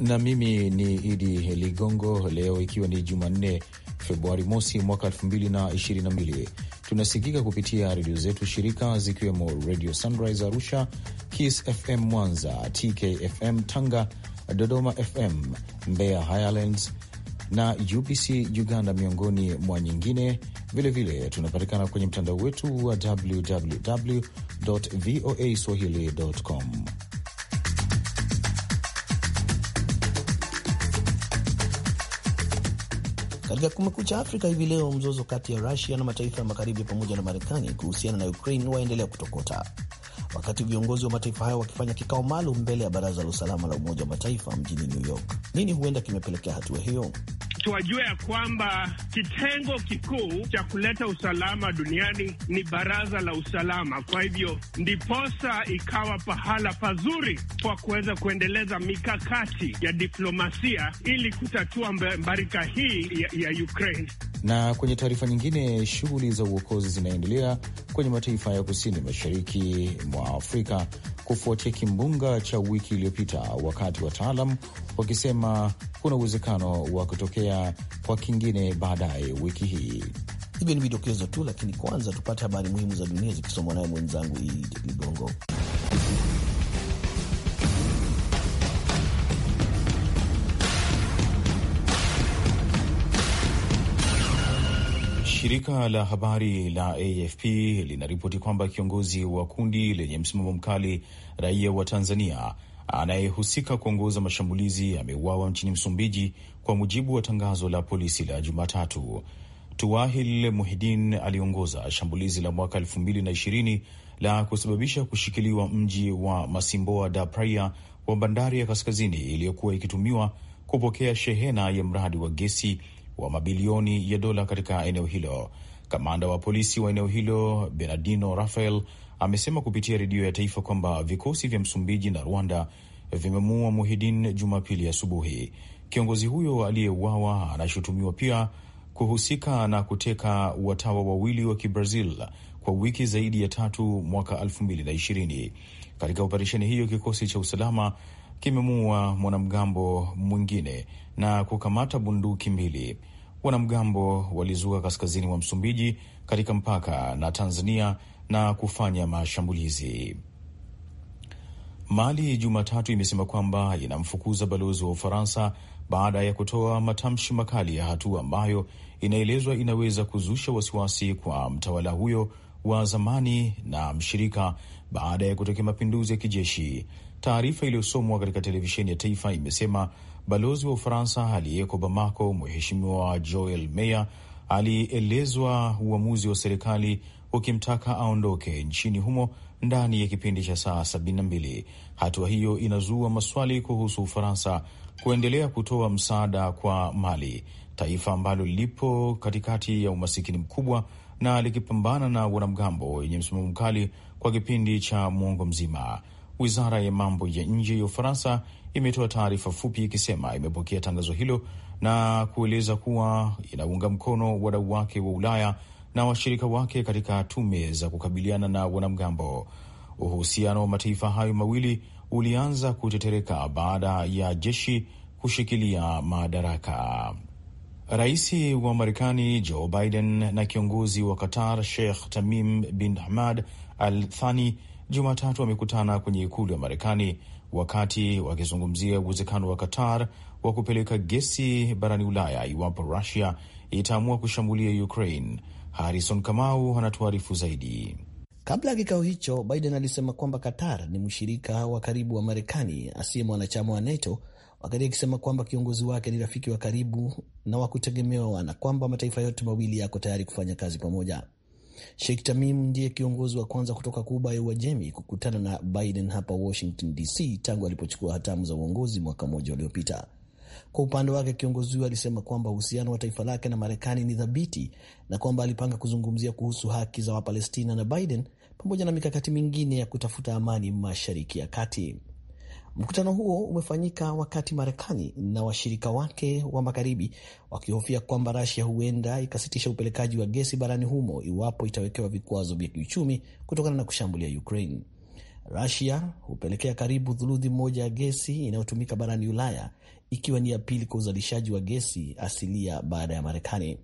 na mimi ni Idi Ligongo. Leo ikiwa ni Jumanne, Februari mosi mwaka 222 tunasikika kupitia redio zetu shirika zikiwemo Redio Sunrise Arusha, Kiss FM Mwanza, TKFM Tanga, Dodoma FM, Mbeya Highlands na UBC Uganda, miongoni mwa nyingine. Vilevile tunapatikana kwenye mtandao wetu wa www voa swahili.com. Katika Kumekucha Afrika hivi leo, mzozo kati ya Rusia na mataifa ya magharibi pamoja na Marekani kuhusiana na Ukraine waendelea kutokota, wakati viongozi wa mataifa hayo wakifanya kikao maalum mbele ya baraza la usalama la Umoja wa Mataifa mjini New York. Nini huenda kimepelekea hatua hiyo? tuwajue ya kwamba kitengo kikuu cha kuleta usalama duniani ni baraza la usalama. Kwa hivyo ndiposa ikawa pahala pazuri kwa kuweza kuendeleza mikakati ya diplomasia ili kutatua mbarika hii ya, ya Ukraine. Na kwenye taarifa nyingine, shughuli za uokozi zinaendelea kwenye mataifa ya kusini mashariki mwa Afrika kufuatia kimbunga cha wiki iliyopita, wakati wataalam wakisema kuna uwezekano wa kutokea kwa kingine baadaye wiki hii. Hivyo ni vidokezo tu, lakini kwanza tupate habari muhimu za dunia zikisomwa naye mwenzangu Idi Ligongo. Shirika la habari la AFP linaripoti kwamba kiongozi wa kundi lenye msimamo mkali raia wa Tanzania anayehusika kuongoza mashambulizi ameuawa nchini Msumbiji, kwa mujibu wa tangazo la polisi la Jumatatu. Tuwahil Muhidin aliongoza shambulizi la mwaka elfu mbili na ishirini la kusababisha kushikiliwa mji wa Masimboa da Praia wa bandari ya kaskazini iliyokuwa ikitumiwa kupokea shehena ya mradi wa gesi wa mabilioni ya dola katika eneo hilo. Kamanda wa polisi wa eneo hilo Bernardino Rafael amesema kupitia redio ya taifa kwamba vikosi vya Msumbiji na Rwanda vimemuua Muhidin Jumapili asubuhi. Kiongozi huyo aliyeuawa anashutumiwa pia kuhusika na kuteka watawa wawili wa Kibrazil kwa wiki zaidi ya tatu mwaka 2020. Katika operesheni hiyo, kikosi cha usalama kimemuua mwanamgambo mwingine na kukamata bunduki mbili. Wanamgambo walizuka kaskazini mwa Msumbiji katika mpaka na Tanzania na kufanya mashambulizi. Mali Jumatatu imesema kwamba inamfukuza balozi wa Ufaransa baada ya kutoa matamshi makali ya hatua ambayo inaelezwa inaweza kuzusha wasiwasi kwa mtawala huyo wa zamani na mshirika baada ya kutokea mapinduzi ya kijeshi. Taarifa iliyosomwa katika televisheni ya taifa imesema Balozi wa Ufaransa aliyeko Bamako, Mheshimiwa Joel Meyer alielezwa uamuzi wa serikali ukimtaka aondoke nchini humo ndani ya kipindi cha saa 72. Hatua hiyo inazua maswali kuhusu Ufaransa kuendelea kutoa msaada kwa Mali, taifa ambalo lipo katikati ya umasikini mkubwa na likipambana na wanamgambo wenye msimamo mkali kwa kipindi cha mwongo mzima. Wizara ya mambo ya nje ya Ufaransa imetoa taarifa fupi ikisema imepokea tangazo hilo na kueleza kuwa inaunga mkono wadau wake wa Ulaya na washirika wake katika tume za kukabiliana na wanamgambo. Uhusiano wa mataifa hayo mawili ulianza kutetereka baada ya jeshi kushikilia madaraka. Rais wa Marekani Joe Biden na kiongozi wa Qatar Sheikh Tamim bin Hamad Al Thani Jumatatu wamekutana kwenye ikulu ya Marekani wakati wakizungumzia uwezekano wa Qatar wa kupeleka gesi barani Ulaya iwapo Rusia itaamua kushambulia Ukraine. Harison Kamau anatuarifu zaidi. Kabla ya kikao hicho, Biden alisema kwamba Qatar ni mshirika wa karibu wa Marekani asiye mwanachama wa NATO, wakati akisema kwamba kiongozi wake ni rafiki wa karibu na wa kutegemewa na kwamba mataifa yote mawili yako tayari kufanya kazi pamoja. Sheikh Tamim ndiye kiongozi wa kwanza kutoka Kuba ya Uajemi kukutana na Biden hapa Washington DC tangu alipochukua hatamu za uongozi mwaka mmoja uliopita. Kwa upande wake kiongozi huyo alisema kwamba uhusiano wa taifa lake na Marekani ni thabiti na kwamba alipanga kuzungumzia kuhusu haki za Wapalestina na Biden pamoja na mikakati mingine ya kutafuta amani Mashariki ya Kati. Mkutano huo umefanyika wakati Marekani na washirika wake wa magharibi wakihofia kwamba rasia huenda ikasitisha upelekaji wa gesi barani humo iwapo itawekewa vikwazo vya kiuchumi kutokana na kushambulia Ukraine. rasia hupelekea karibu thuluthi moja ya gesi inayotumika barani Ulaya, ikiwa ni ya pili kwa uzalishaji wa gesi asilia baada ya Marekani.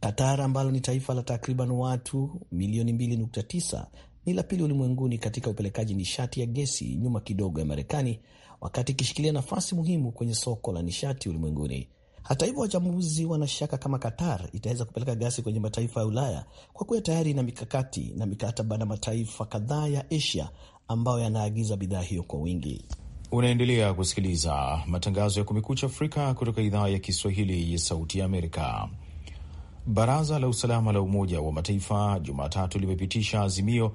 Katar ambalo ni taifa la takriban watu milioni 2.9 ni la pili ulimwenguni katika upelekaji nishati ya gesi, nyuma kidogo ya Marekani, wakati ikishikilia nafasi muhimu kwenye soko la nishati ulimwenguni. Hata hivyo, wachambuzi wanashaka kama Qatar itaweza kupeleka gasi kwenye mataifa ya Ulaya kwa kuwa tayari ina mikakati na mikataba na mataifa kadhaa ya Asia ambayo yanaagiza bidhaa hiyo kwa wingi. Unaendelea kusikiliza matangazo ya Kumekucha Afrika kutoka idhaa ya Kiswahili ya Sauti ya Amerika. Baraza la Usalama la Umoja wa Mataifa Jumatatu limepitisha azimio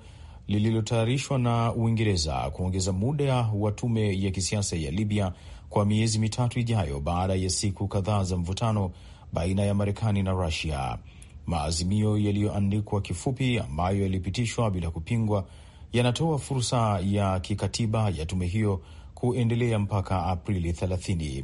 lililotayarishwa na Uingereza kuongeza muda wa tume ya kisiasa ya Libya kwa miezi mitatu ijayo baada ya siku kadhaa za mvutano baina ya Marekani na Rusia. Maazimio yaliyoandikwa kifupi ambayo yalipitishwa bila kupingwa yanatoa fursa ya kikatiba ya tume hiyo kuendelea mpaka Aprili 30.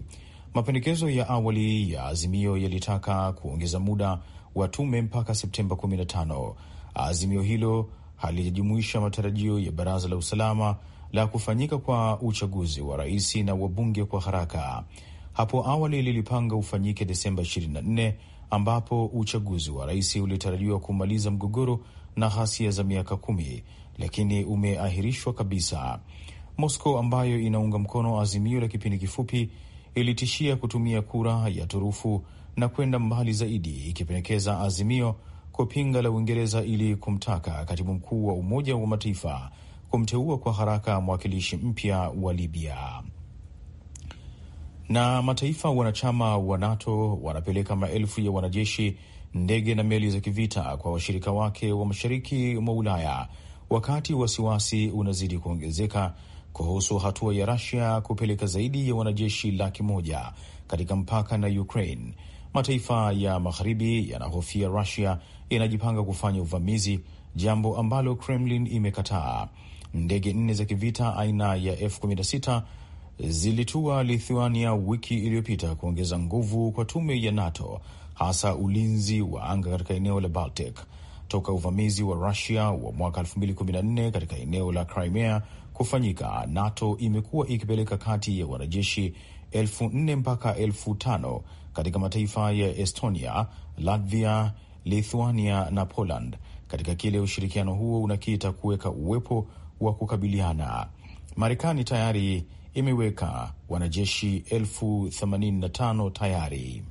Mapendekezo ya awali ya azimio yalitaka kuongeza muda wa tume mpaka Septemba 15. Azimio hilo halijajumuisha matarajio ya baraza la usalama la kufanyika kwa uchaguzi wa rais na wabunge kwa haraka. Hapo awali lilipanga ufanyike Desemba 24 ambapo uchaguzi wa rais ulitarajiwa kumaliza mgogoro na ghasia za miaka kumi, lakini umeahirishwa kabisa. Moscow ambayo inaunga mkono azimio la kipindi kifupi ilitishia kutumia kura ya turufu na kwenda mbali zaidi, ikipendekeza azimio kupinga la Uingereza ili kumtaka katibu mkuu wa Umoja wa Mataifa kumteua kwa haraka mwakilishi mpya wa Libya. Na mataifa wanachama wa NATO wanapeleka maelfu ya wanajeshi, ndege na meli za kivita kwa washirika wake wa mashariki mwa Ulaya, wakati wasiwasi unazidi kuongezeka kuhusu hatua ya rasia kupeleka zaidi ya wanajeshi laki moja katika mpaka na Ukraine. Mataifa ya magharibi yanahofia Rusia inajipanga kufanya uvamizi, jambo ambalo Kremlin imekataa. Ndege nne za kivita aina ya F16 zilitua Lithuania wiki iliyopita kuongeza nguvu kwa tume ya NATO, hasa ulinzi wa anga katika eneo la Baltic. Toka uvamizi wa Rusia wa mwaka 2014 katika eneo la Crimea kufanyika, NATO imekuwa ikipeleka kati ya wanajeshi elfu nne mpaka elfu tano katika mataifa ya Estonia, Latvia, Lithuania na Poland katika kile ushirikiano huo unakiita kuweka uwepo wa kukabiliana. Marekani tayari imeweka wanajeshi elfu themanini na tano tayari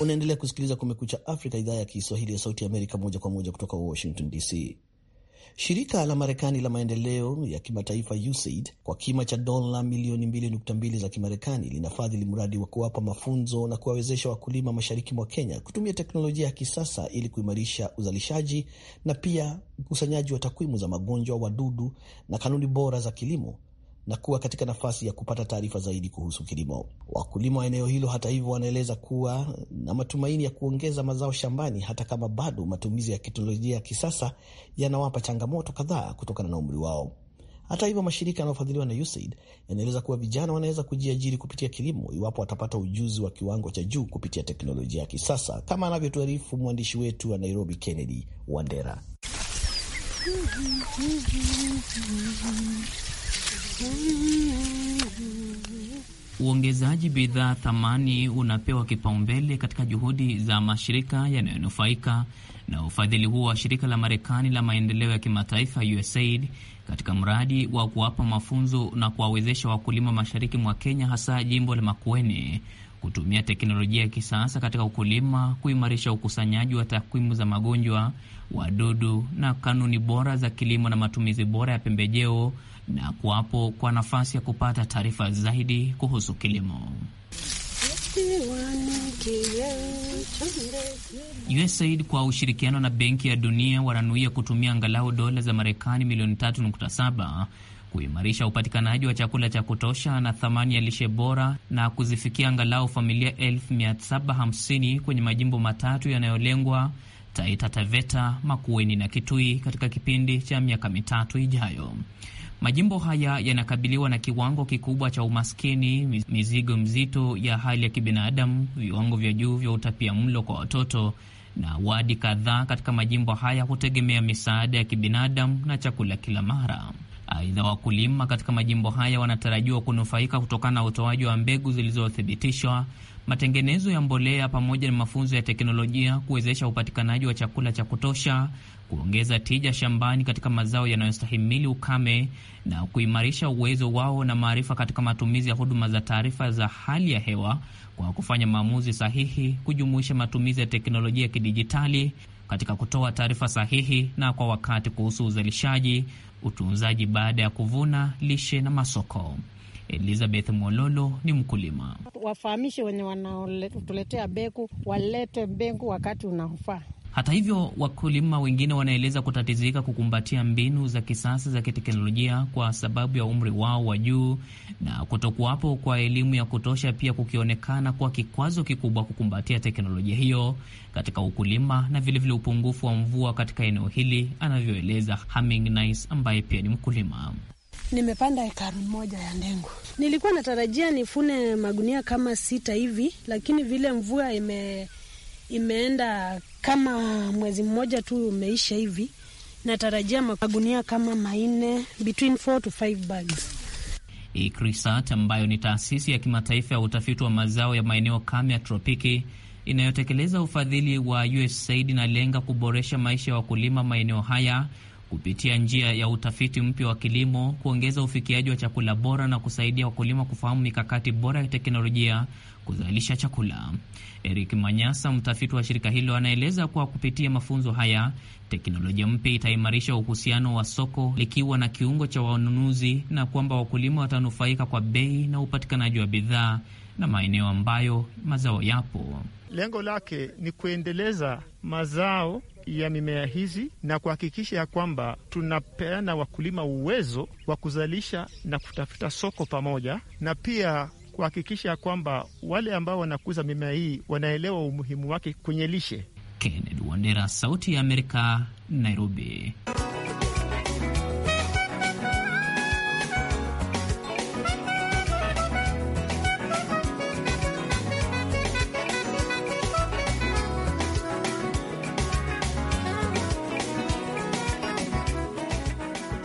Unaendelea kusikiliza Kumekucha Afrika, idhaa ya Kiswahili ya Sauti ya Amerika, moja kwa moja kutoka Washington DC. Shirika la Marekani la maendeleo ya kimataifa USAID kwa kima cha dola milioni 2.2 za Kimarekani linafadhili mradi wa kuwapa mafunzo na kuwawezesha wakulima mashariki mwa Kenya kutumia teknolojia ya kisasa ili kuimarisha uzalishaji na pia ukusanyaji wa takwimu za magonjwa, wadudu na kanuni bora za kilimo na kuwa katika nafasi ya kupata taarifa zaidi kuhusu kilimo. Wakulima wa eneo hilo, hata hivyo, wanaeleza kuwa na matumaini ya kuongeza mazao shambani, hata kama bado matumizi ya teknolojia ya kisasa yanawapa changamoto kadhaa kutokana na umri wao. Hata hivyo, mashirika yanayofadhiliwa na USAID yanaeleza kuwa vijana wanaweza kujiajiri kupitia kilimo iwapo watapata ujuzi wa kiwango cha juu kupitia teknolojia ya kisasa, kama anavyotuarifu mwandishi wetu wa Nairobi, Kennedy Wandera. Uongezaji bidhaa thamani unapewa kipaumbele katika juhudi za mashirika yanayonufaika na ufadhili huo wa shirika la Marekani la maendeleo ya kimataifa USAID katika mradi wa kuwapa mafunzo na kuwawezesha wakulima mashariki mwa Kenya, hasa jimbo la Makueni, kutumia teknolojia ya kisasa katika ukulima, kuimarisha ukusanyaji wa takwimu za magonjwa, wadudu na kanuni bora za kilimo na matumizi bora ya pembejeo na kuwapo kwa nafasi ya kupata taarifa zaidi kuhusu kilimo. USAID kwa ushirikiano na Benki ya Dunia wananuia kutumia angalau dola za Marekani milioni 3.7 kuimarisha upatikanaji wa chakula cha kutosha na thamani ya lishe bora na kuzifikia angalau familia 1750 kwenye majimbo matatu yanayolengwa Taita Taveta, Makueni na Kitui katika kipindi cha miaka mitatu ijayo. Majimbo haya yanakabiliwa na kiwango kikubwa cha umaskini, mizigo mzito ya hali ya kibinadamu, viwango vya juu vya utapia mlo kwa watoto, na wadi kadhaa katika majimbo haya hutegemea misaada ya kibinadamu na chakula kila mara. Aidha, wakulima katika majimbo haya wanatarajiwa kunufaika kutokana na utoaji wa mbegu zilizothibitishwa, matengenezo ya mbolea, pamoja na mafunzo ya teknolojia kuwezesha upatikanaji wa chakula cha kutosha, kuongeza tija shambani katika mazao yanayostahimili ukame na kuimarisha uwezo wao na maarifa katika matumizi ya huduma za taarifa za hali ya hewa kwa kufanya maamuzi sahihi, kujumuisha matumizi ya teknolojia ya kidijitali katika kutoa taarifa sahihi na kwa wakati kuhusu uzalishaji, utunzaji baada ya kuvuna, lishe na masoko. Elizabeth mololo ni mkulima. Wafahamishe wenye wanaotuletea mbegu, walete mbegu wakati unaofaa. Hata hivyo, wakulima wengine wanaeleza kutatizika kukumbatia mbinu za kisasa za kiteknolojia kwa sababu ya umri wao wa juu na kutokuwapo kwa elimu ya kutosha, pia kukionekana kuwa kikwazo kikubwa kukumbatia teknolojia hiyo katika ukulima na vilevile vile upungufu wa mvua katika eneo hili, anavyoeleza Haming Nice ambaye pia ni mkulima. Nimepanda hekari moja ya ndengu. Nilikuwa natarajia nifune magunia kama sita hivi, lakini vile mvua ime imeenda kama mwezi mmoja tu umeisha hivi, natarajia magunia kama manne, between 4 to 5 bags. ICRISAT ambayo ni taasisi ya kimataifa ya utafiti wa mazao ya maeneo kame ya tropiki inayotekeleza ufadhili wa USAID inalenga kuboresha maisha ya wakulima maeneo haya kupitia njia ya utafiti mpya wa kilimo, kuongeza ufikiaji wa chakula bora na kusaidia wakulima kufahamu mikakati bora ya teknolojia kuzalisha chakula. Eric Manyasa, mtafiti wa shirika hilo, anaeleza kuwa kupitia mafunzo haya teknolojia mpya itaimarisha uhusiano wa soko likiwa na kiungo cha wanunuzi na kwamba wakulima watanufaika kwa bei na upatikanaji wa bidhaa na maeneo ambayo mazao yapo. Lengo lake ni kuendeleza mazao ya mimea hizi na kuhakikisha ya kwamba tunapeana wakulima uwezo wa kuzalisha na kutafuta soko pamoja na pia kuhakikisha kwamba wale ambao wanakuza mimea hii wanaelewa umuhimu wake kwenye lishe. Kennedy Wandera, Sauti ya Amerika, Nairobi.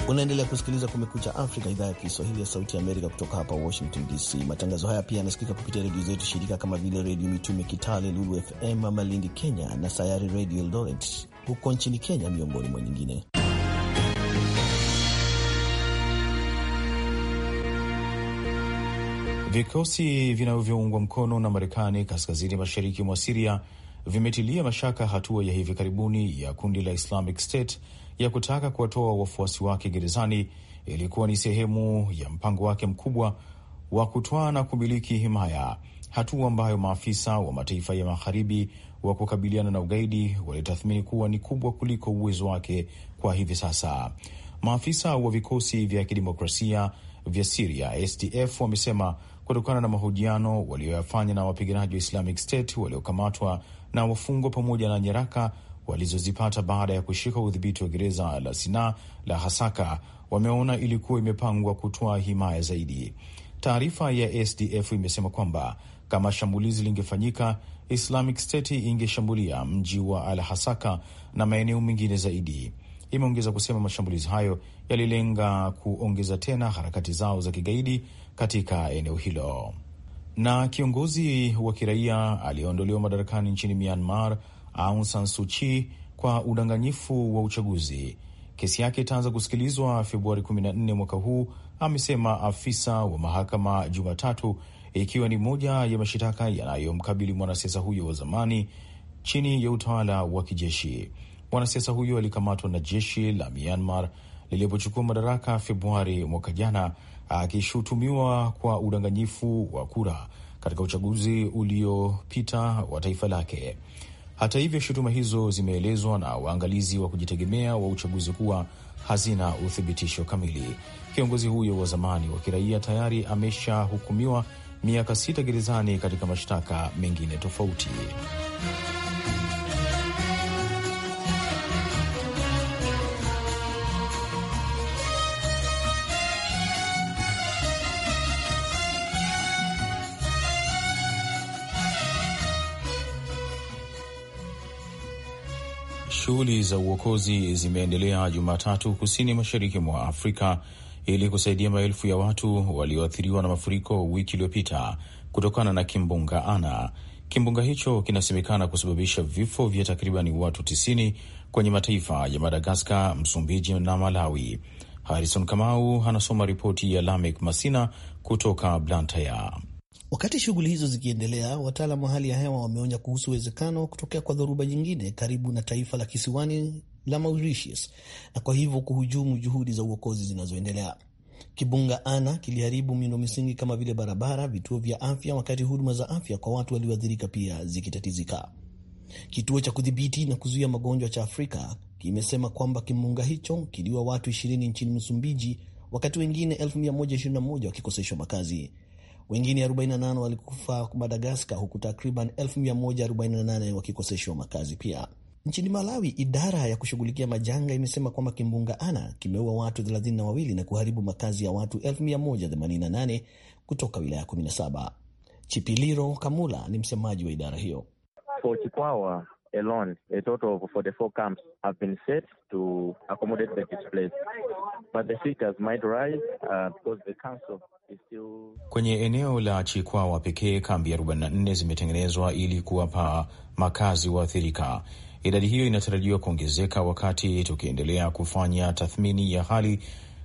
Unaendelea kusikiliza Kumekucha Afrika, idhaa ya Kiswahili ya Sauti ya Amerika kutoka hapa Washington DC. Matangazo haya pia yanasikika kupitia redio zetu shirika kama vile Redio Mitume Kitale, Lulu FM Malindi Kenya na Sayari Redio Eldoret huko nchini Kenya, miongoni mwa nyingine. Vikosi vinavyoungwa mkono na Marekani kaskazini mashariki mwa Siria vimetilia mashaka hatua ya hivi karibuni ya kundi la Islamic State ya kutaka kuwatoa wafuasi wake gerezani ilikuwa ni sehemu ya mpango wake mkubwa wa kutwaa na kumiliki himaya, hatua ambayo maafisa wa mataifa ya magharibi wa kukabiliana na ugaidi walitathmini kuwa ni kubwa kuliko uwezo wake kwa hivi sasa. Maafisa wa vikosi vya kidemokrasia vya Siria SDF wamesema kutokana na mahojiano walioyafanya na wapiganaji wa Islamic State waliokamatwa na wafungwa pamoja na nyaraka walizozipata baada ya kushika udhibiti wa gereza la sina la Hasaka wameona ilikuwa imepangwa kutoa himaya zaidi. Taarifa ya SDF imesema kwamba kama shambulizi lingefanyika, Islamic State ingeshambulia mji wa Al Hasaka na maeneo mengine zaidi. Imeongeza kusema mashambulizi hayo yalilenga kuongeza tena harakati zao za kigaidi katika eneo hilo. Na kiongozi wa kiraia aliyeondolewa madarakani nchini Myanmar Aung San Suu Kyi kwa udanganyifu wa uchaguzi. Kesi yake itaanza kusikilizwa Februari 14 mwaka huu, amesema afisa wa mahakama Jumatatu, ikiwa ni moja ya mashitaka yanayomkabili mwanasiasa huyo wa zamani chini ya utawala wa kijeshi. Mwanasiasa huyo alikamatwa na jeshi la Myanmar lilipochukua madaraka Februari mwaka jana, akishutumiwa kwa udanganyifu wa kura katika uchaguzi uliopita wa taifa lake. Hata hivyo, shutuma hizo zimeelezwa na waangalizi wa kujitegemea wa uchaguzi kuwa hazina uthibitisho kamili. Kiongozi huyo wa zamani wa kiraia tayari ameshahukumiwa miaka sita gerezani katika mashtaka mengine tofauti. Shughuli za uokozi zimeendelea Jumatatu kusini mashariki mwa Afrika ili kusaidia maelfu ya watu walioathiriwa na mafuriko wiki iliyopita kutokana na kimbunga Ana. Kimbunga hicho kinasemekana kusababisha vifo vya takribani watu 90 kwenye mataifa ya Madagaskar, Msumbiji na Malawi. Harrison Kamau anasoma ripoti ya Lamek Masina kutoka Blantyre. Wakati shughuli hizo zikiendelea, wataalam wa hali ya hewa wameonya kuhusu uwezekano wa kutokea kwa dhoruba nyingine karibu na taifa la kisiwani la Mauritius na kwa hivyo kuhujumu juhudi za uokozi zinazoendelea. Kibunga Ana kiliharibu miundo misingi kama vile barabara, vituo vya afya, wakati huduma za afya kwa watu walioathirika pia zikitatizika. Kituo cha kudhibiti na kuzuia magonjwa cha Afrika kimesema kwamba kimbunga hicho kiliua watu 20 nchini Msumbiji, wakati wengine 1121 wakikoseshwa makazi wengine 48 walikufa Madagaskar, huku takriban 148 wakikoseshwa makazi pia. Nchini Malawi, idara ya kushughulikia majanga imesema kwamba kimbunga Ana kimeua watu 32 na kuharibu makazi ya watu 188 kutoka wilaya 17. Chipiliro Kamula ni msemaji wa idara hiyo alone, a total of 44 camps have been set to accommodate the displaced, but the figures might rise uh, because the council Kwenye eneo la Chikwawa pekee kambi 44 zimetengenezwa ili kuwapa makazi waathirika. Idadi hiyo inatarajiwa kuongezeka. Wakati tukiendelea kufanya tathmini ya hali,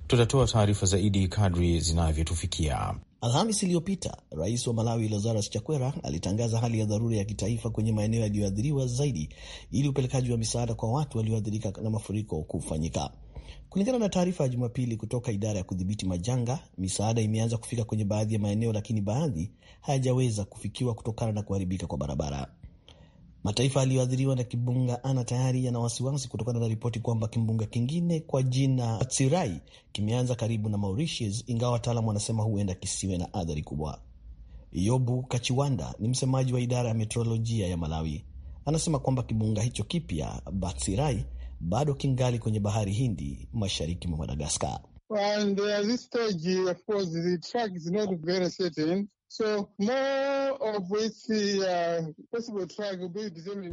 tutatoa taarifa zaidi kadri zinavyotufikia. Alhamis iliyopita rais wa Malawi Lazarus Chakwera alitangaza hali ya dharura ya kitaifa kwenye maeneo yaliyoathiriwa zaidi ili upelekaji wa misaada kwa watu walioathirika na mafuriko kufanyika. Kulingana na taarifa ya Jumapili kutoka idara ya kudhibiti majanga, misaada imeanza kufika kwenye baadhi ya maeneo, lakini baadhi hayajaweza kufikiwa kutokana na kuharibika kwa barabara. Mataifa yaliyoathiriwa na kimbunga Ana tayari yana wasiwasi kutokana na ripoti kwamba kimbunga kingine kwa jina Tsirai kimeanza karibu na Mauritius, ingawa wataalam wanasema huenda kisiwe na athari kubwa. Yobu Kachiwanda ni msemaji wa idara ya meteorolojia ya Malawi. Anasema kwamba kimbunga hicho kipya Batsirai bado kingali kwenye bahari Hindi, mashariki mwa Madagaskar. Uh,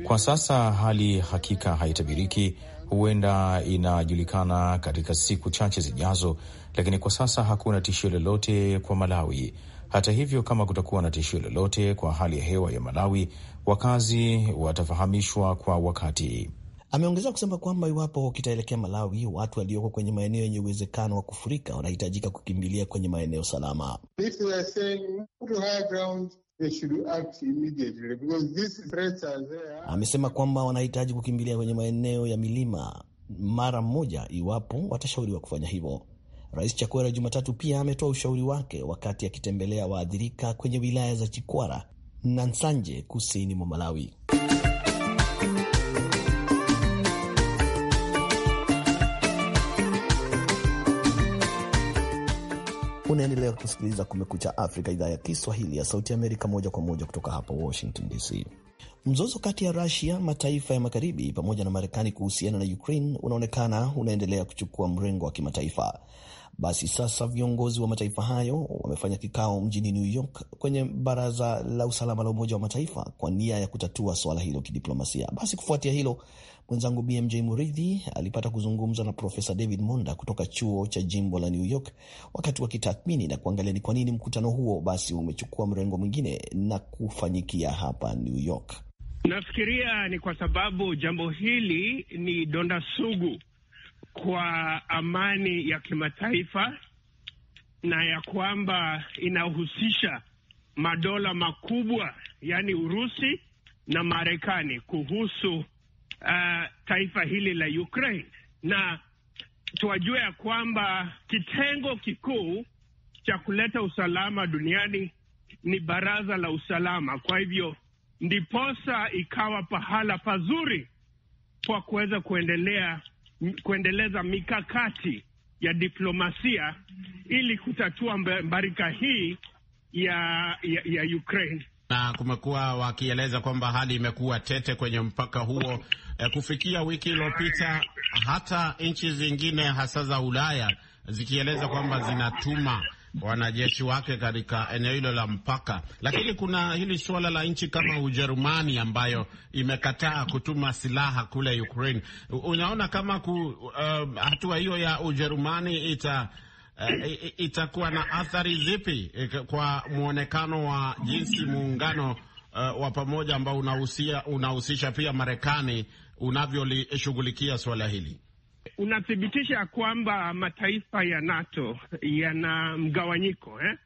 kwa sasa hali hakika haitabiriki, huenda inajulikana katika siku chache zijazo, lakini kwa sasa hakuna tishio lolote kwa Malawi. Hata hivyo, kama kutakuwa na tishio lolote kwa hali ya hewa ya Malawi, wakazi watafahamishwa kwa wakati. Ameongeza kusema kwamba iwapo kitaelekea Malawi, watu walioko kwenye maeneo yenye uwezekano wa kufurika wanahitajika kukimbilia kwenye maeneo salama. Amesema kwamba wanahitaji kukimbilia kwenye maeneo ya milima mara mmoja iwapo watashauriwa kufanya hivyo. Rais Chakwera Jumatatu pia ametoa ushauri wake wakati akitembelea waathirika kwenye wilaya za Chikwara na Nsanje kusini mwa Malawi. Unaendelea kusikiliza Kumekucha Afrika, idhaa ya Kiswahili ya Sauti Amerika, moja kwa moja kutoka hapa Washington DC. Mzozo kati ya Rusia, mataifa ya magharibi pamoja na Marekani kuhusiana na Ukraine unaonekana unaendelea kuchukua mrengo wa kimataifa. Basi sasa viongozi wa mataifa hayo wamefanya kikao mjini New York kwenye Baraza la Usalama la Umoja wa Mataifa kwa nia ya kutatua swala hilo kidiplomasia. Basi kufuatia hilo, mwenzangu BMJ Muridhi alipata kuzungumza na Profesa David Monda kutoka chuo cha jimbo la New York wakati wakitathmini na kuangalia ni kwa nini mkutano huo basi umechukua mrengo mwingine na kufanyikia hapa New York. Nafikiria ni kwa sababu jambo hili ni donda sugu kwa amani ya kimataifa na ya kwamba inahusisha madola makubwa yaani Urusi na Marekani kuhusu uh, taifa hili la Ukraine, na tuwajue ya kwamba kitengo kikuu cha kuleta usalama duniani ni Baraza la Usalama. Kwa hivyo ndiposa ikawa pahala pazuri kwa kuweza kuendelea kuendeleza mikakati ya diplomasia ili kutatua mbarika hii ya, ya, ya Ukraine na kumekuwa wakieleza kwamba hali imekuwa tete kwenye mpaka huo e, kufikia wiki iliyopita, hata nchi zingine hasa za Ulaya zikieleza kwamba zinatuma wanajeshi wake katika eneo hilo la mpaka. Lakini kuna hili suala la nchi kama Ujerumani ambayo imekataa kutuma silaha kule Ukraine. Unaona kama ku, uh, hatua hiyo ya Ujerumani ita uh, itakuwa na athari zipi eh, kwa mwonekano wa jinsi muungano uh, wa pamoja ambao unahusisha pia Marekani unavyolishughulikia suala hili? unathibitisha kwamba mataifa ya NATO yana mgawanyiko eh?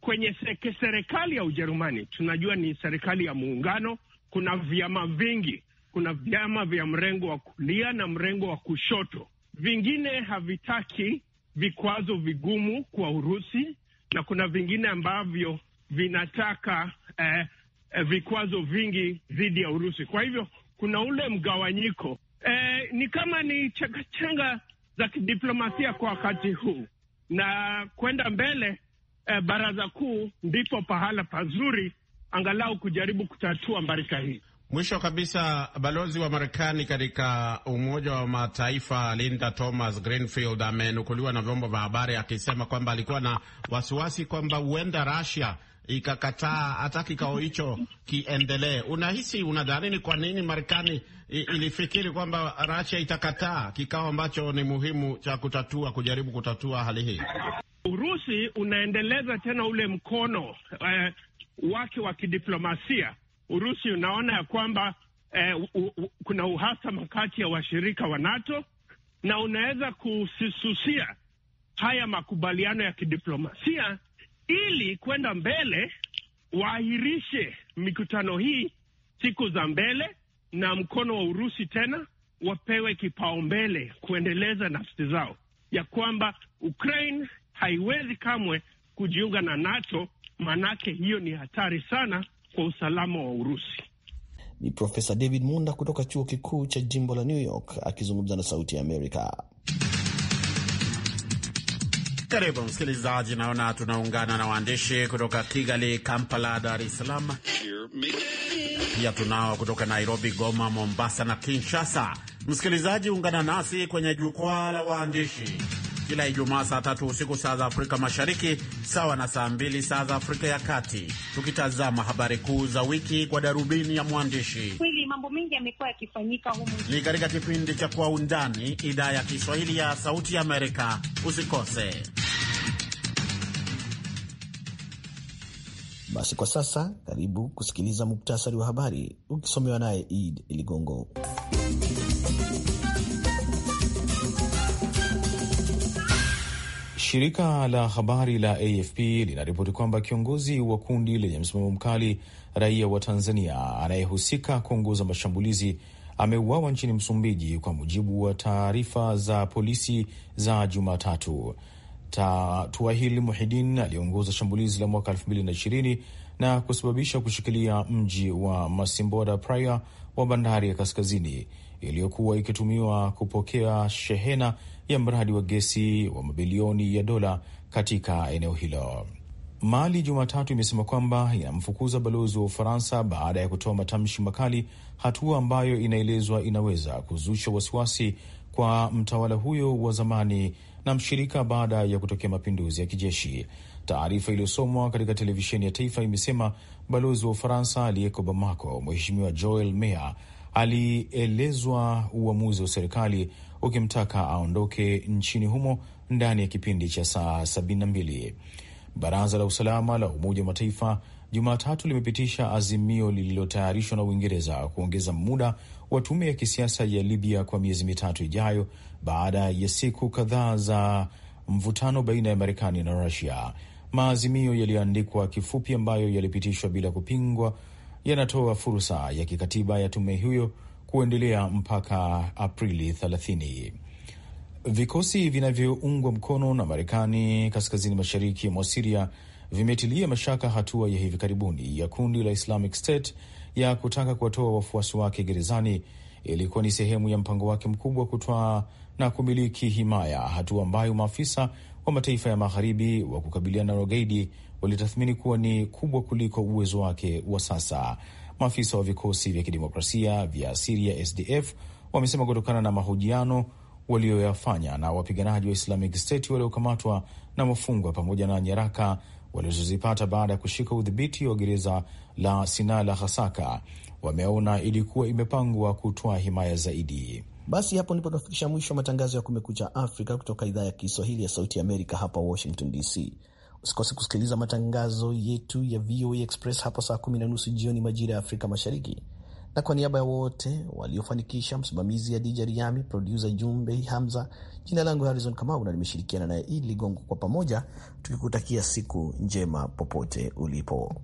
Kwenye serikali ya Ujerumani tunajua ni serikali ya muungano. Kuna vyama vingi, kuna vyama vya mrengo wa kulia na mrengo wa kushoto. Vingine havitaki vikwazo vigumu kwa Urusi na kuna vingine ambavyo vinataka eh, eh vikwazo vingi dhidi ya Urusi. Kwa hivyo kuna ule mgawanyiko Eh, ni kama ni chengachenga za kidiplomasia kwa wakati huu na kwenda mbele. Eh, baraza kuu ndipo pahala pazuri angalau kujaribu kutatua mbarika hii. Mwisho kabisa, balozi wa Marekani katika Umoja wa Mataifa Linda Thomas Greenfield amenukuliwa na vyombo vya habari akisema kwamba alikuwa na wasiwasi kwamba huenda Russia ikakataa hata kikao hicho kiendelee. Unahisi, unadhani ni kwa nini Marekani ilifikiri kwamba Russia itakataa kikao ambacho ni muhimu cha kutatua, kujaribu kutatua hali hii? Urusi unaendeleza tena ule mkono eh, wake wa kidiplomasia. Urusi unaona ya kwamba eh, u, u, kuna uhasama kati ya washirika wa NATO na unaweza kusisusia haya makubaliano ya kidiplomasia ili kwenda mbele waahirishe mikutano hii siku za mbele, na mkono wa Urusi tena wapewe kipaumbele kuendeleza nafsi zao ya kwamba Ukraine haiwezi kamwe kujiunga na NATO, maanake hiyo ni hatari sana kwa usalama wa Urusi. Ni Profesa David Munda kutoka chuo kikuu cha jimbo la New York akizungumza na Sauti ya Amerika. Karibu msikilizaji, naona tunaungana na waandishi kutoka Kigali, Kampala, Dar es Salaam, pia tunao kutoka Nairobi, Goma, Mombasa na Kinshasa. Msikilizaji, ungana nasi kwenye jukwaa la waandishi kila Ijumaa saa tatu usiku saa za Afrika Mashariki, sawa na saa mbili saa za Afrika ya Kati, tukitazama habari kuu za wiki kwa darubini ya mwandishi mambo mengi yamekuwa yakifanyika humu. Ni katika kipindi cha Kwa Undani, idhaa ya Kiswahili ya Sauti ya Amerika. Usikose. Basi kwa sasa, karibu kusikiliza muktasari wa habari ukisomewa naye Id Ligongo. Shirika la habari la AFP linaripoti kwamba kiongozi wa kundi lenye msimamo mkali raia wa Tanzania anayehusika kuongoza mashambulizi ameuawa nchini Msumbiji, kwa mujibu wa taarifa za polisi za Jumatatu. Ta, Tuahil Muhidin aliongoza shambulizi la mwaka 2020 na kusababisha kushikilia mji wa masimboda Praia wa bandari ya kaskazini iliyokuwa ikitumiwa kupokea shehena ya mradi wa gesi wa mabilioni ya dola katika eneo hilo. Mali Jumatatu imesema kwamba inamfukuza balozi wa Ufaransa baada ya kutoa matamshi makali, hatua ambayo inaelezwa inaweza kuzusha wasiwasi kwa mtawala huyo wa zamani na mshirika baada ya kutokea mapinduzi ya kijeshi. Taarifa iliyosomwa katika televisheni ya taifa imesema balozi wa Ufaransa aliyeko Bamako, Mheshimiwa Joel Meyer alielezwa uamuzi wa serikali ukimtaka aondoke nchini humo ndani ya kipindi cha saa mbili. Baraza la usalama la Umoja wa Mataifa Jumatatu limepitisha azimio lililotayarishwa na Uingereza kuongeza muda wa tume ya kisiasa ya Libya kwa miezi mitatu ijayo baada ya siku kadhaa za mvutano baina ya Marekani na Rusia. Maazimio yaliyoandikwa kifupi ambayo yalipitishwa bila kupingwa yanatoa fursa ya kikatiba ya tume hiyo kuendelea mpaka Aprili 30. Vikosi vinavyoungwa mkono na Marekani kaskazini mashariki mwa Siria vimetilia mashaka hatua ya hivi karibuni ya kundi la Islamic State ya kutaka kuwatoa wafuasi wake gerezani. Ilikuwa ni sehemu ya mpango wake mkubwa kutoa na kumiliki himaya, hatua ambayo maafisa wa mataifa ya magharibi wa kukabiliana na ugaidi walitathmini kuwa ni kubwa kuliko uwezo wake wa sasa. Maafisa wa vikosi vya kidemokrasia vya Siria SDF wamesema kutokana na mahojiano walioyafanya na wapiganaji wa Islamic State waliokamatwa na wafungwa pamoja na nyaraka walizozipata baada ya kushika udhibiti wa gereza la Sina la Hasaka, wameona ilikuwa imepangwa kutoa himaya zaidi. Basi hapo ndipo tunafikisha mwisho wa matangazo ya Kumekucha Afrika kutoka idhaa ya Kiswahili ya Sauti ya Amerika hapa Washington DC. Usikose kusikiliza matangazo yetu ya VOA Express hapo saa kumi na nusu jioni majira ya Afrika Mashariki. Na kwa niaba ya wote waliofanikisha, msimamizi Adija Riami, produsa Jumbe Hamza, jina langu Harrison Kamau na nimeshirikiana naye Ili Ligongo, kwa pamoja tukikutakia siku njema popote ulipo.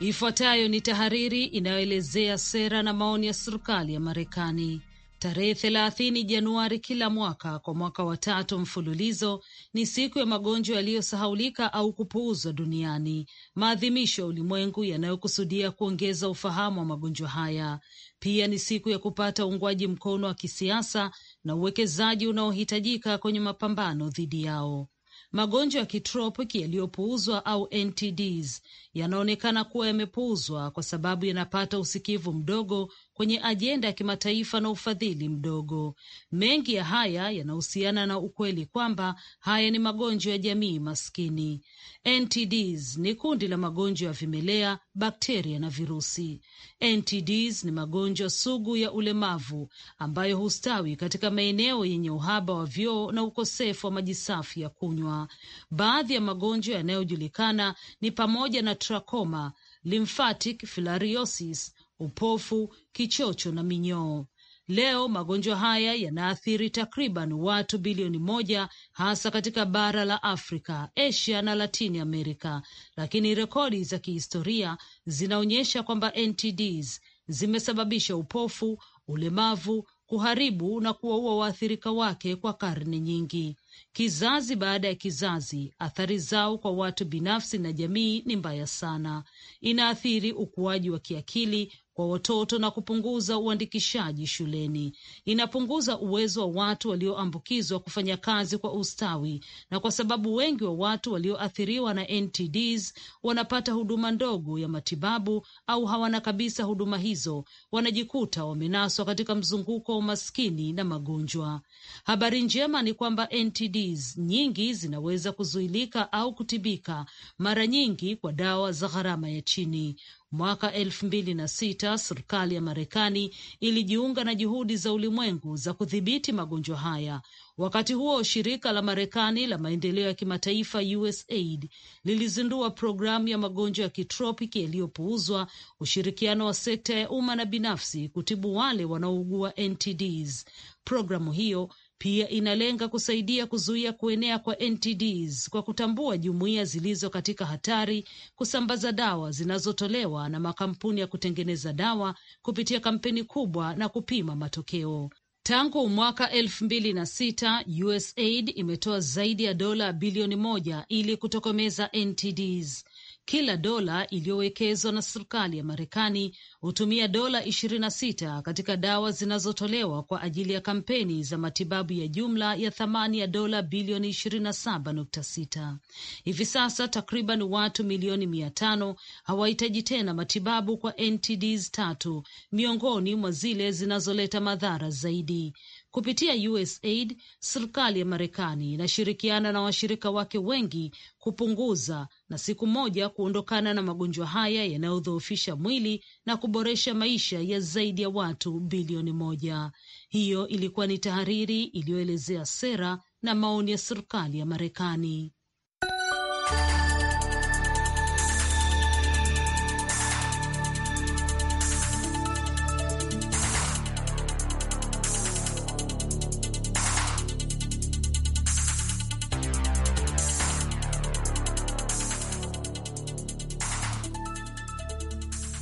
Ifuatayo ni tahariri inayoelezea sera na maoni ya serikali ya Marekani. Tarehe thelathini Januari kila mwaka kwa mwaka wa tatu mfululizo ni siku ya magonjwa yaliyosahaulika au kupuuzwa duniani, maadhimisho ya ulimwengu yanayokusudia kuongeza ufahamu wa magonjwa haya. Pia ni siku ya kupata uungwaji mkono wa kisiasa na uwekezaji unaohitajika kwenye mapambano dhidi yao. Magonjwa ya kitropiki yaliyopuuzwa au NTDs yanaonekana kuwa yamepuuzwa kwa sababu yanapata usikivu mdogo kwenye ajenda ya kimataifa na ufadhili mdogo. Mengi ya haya yanahusiana na ukweli kwamba haya ni magonjwa ya jamii maskini. NTDs ni kundi la magonjwa ya vimelea, bakteria na virusi. NTDs ni magonjwa sugu ya ulemavu ambayo hustawi katika maeneo yenye uhaba wa vyoo na ukosefu wa maji safi ya kunywa. Baadhi ya magonjwa yanayojulikana ni pamoja na trakoma, lymphatic filariosis upofu, kichocho na minyoo. Leo magonjwa haya yanaathiri takriban watu bilioni moja hasa katika bara la Afrika, Asia na Latini Amerika, lakini rekodi za kihistoria zinaonyesha kwamba NTDs zimesababisha upofu, ulemavu, kuharibu na kuwaua waathirika wake kwa karne nyingi. Kizazi baada ya kizazi, athari zao kwa watu binafsi na jamii ni mbaya sana. Inaathiri ukuaji wa kiakili, kwa watoto na kupunguza uandikishaji shuleni. Inapunguza uwezo wa watu walioambukizwa kufanya kazi kwa ustawi, na kwa sababu wengi wa watu walioathiriwa na NTDs wanapata huduma ndogo ya matibabu au hawana kabisa huduma hizo, wanajikuta wamenaswa katika mzunguko wa umaskini na magonjwa. Habari njema ni kwamba NTDs nyingi zinaweza kuzuilika au kutibika, mara nyingi kwa dawa za gharama ya chini. Mwaka elfu mbili na sita serikali ya Marekani ilijiunga na juhudi za ulimwengu za kudhibiti magonjwa haya. Wakati huo shirika la Marekani la maendeleo ya kimataifa USAID lilizindua programu ya magonjwa ya kitropiki yaliyopuuzwa, ushirikiano wa sekta ya umma na binafsi kutibu wale wanaougua NTDs. Programu hiyo pia inalenga kusaidia kuzuia kuenea kwa NTDs kwa kutambua jumuiya zilizo katika hatari kusambaza dawa zinazotolewa na makampuni ya kutengeneza dawa kupitia kampeni kubwa na kupima matokeo. Tangu mwaka elfu mbili na sita USAID imetoa zaidi ya dola bilioni moja ili kutokomeza NTDs. Kila dola iliyowekezwa na serikali ya Marekani hutumia dola 26 katika dawa zinazotolewa kwa ajili ya kampeni za matibabu ya jumla ya thamani ya dola bilioni 27.6. Hivi sasa takriban watu milioni mia tano hawahitaji tena matibabu kwa NTDs tatu, miongoni mwa zile zinazoleta madhara zaidi. Kupitia USAID serikali ya Marekani inashirikiana na washirika wake wengi kupunguza na siku moja kuondokana na magonjwa haya yanayodhoofisha mwili na kuboresha maisha ya zaidi ya watu bilioni moja. Hiyo ilikuwa ni tahariri iliyoelezea sera na maoni ya serikali ya Marekani.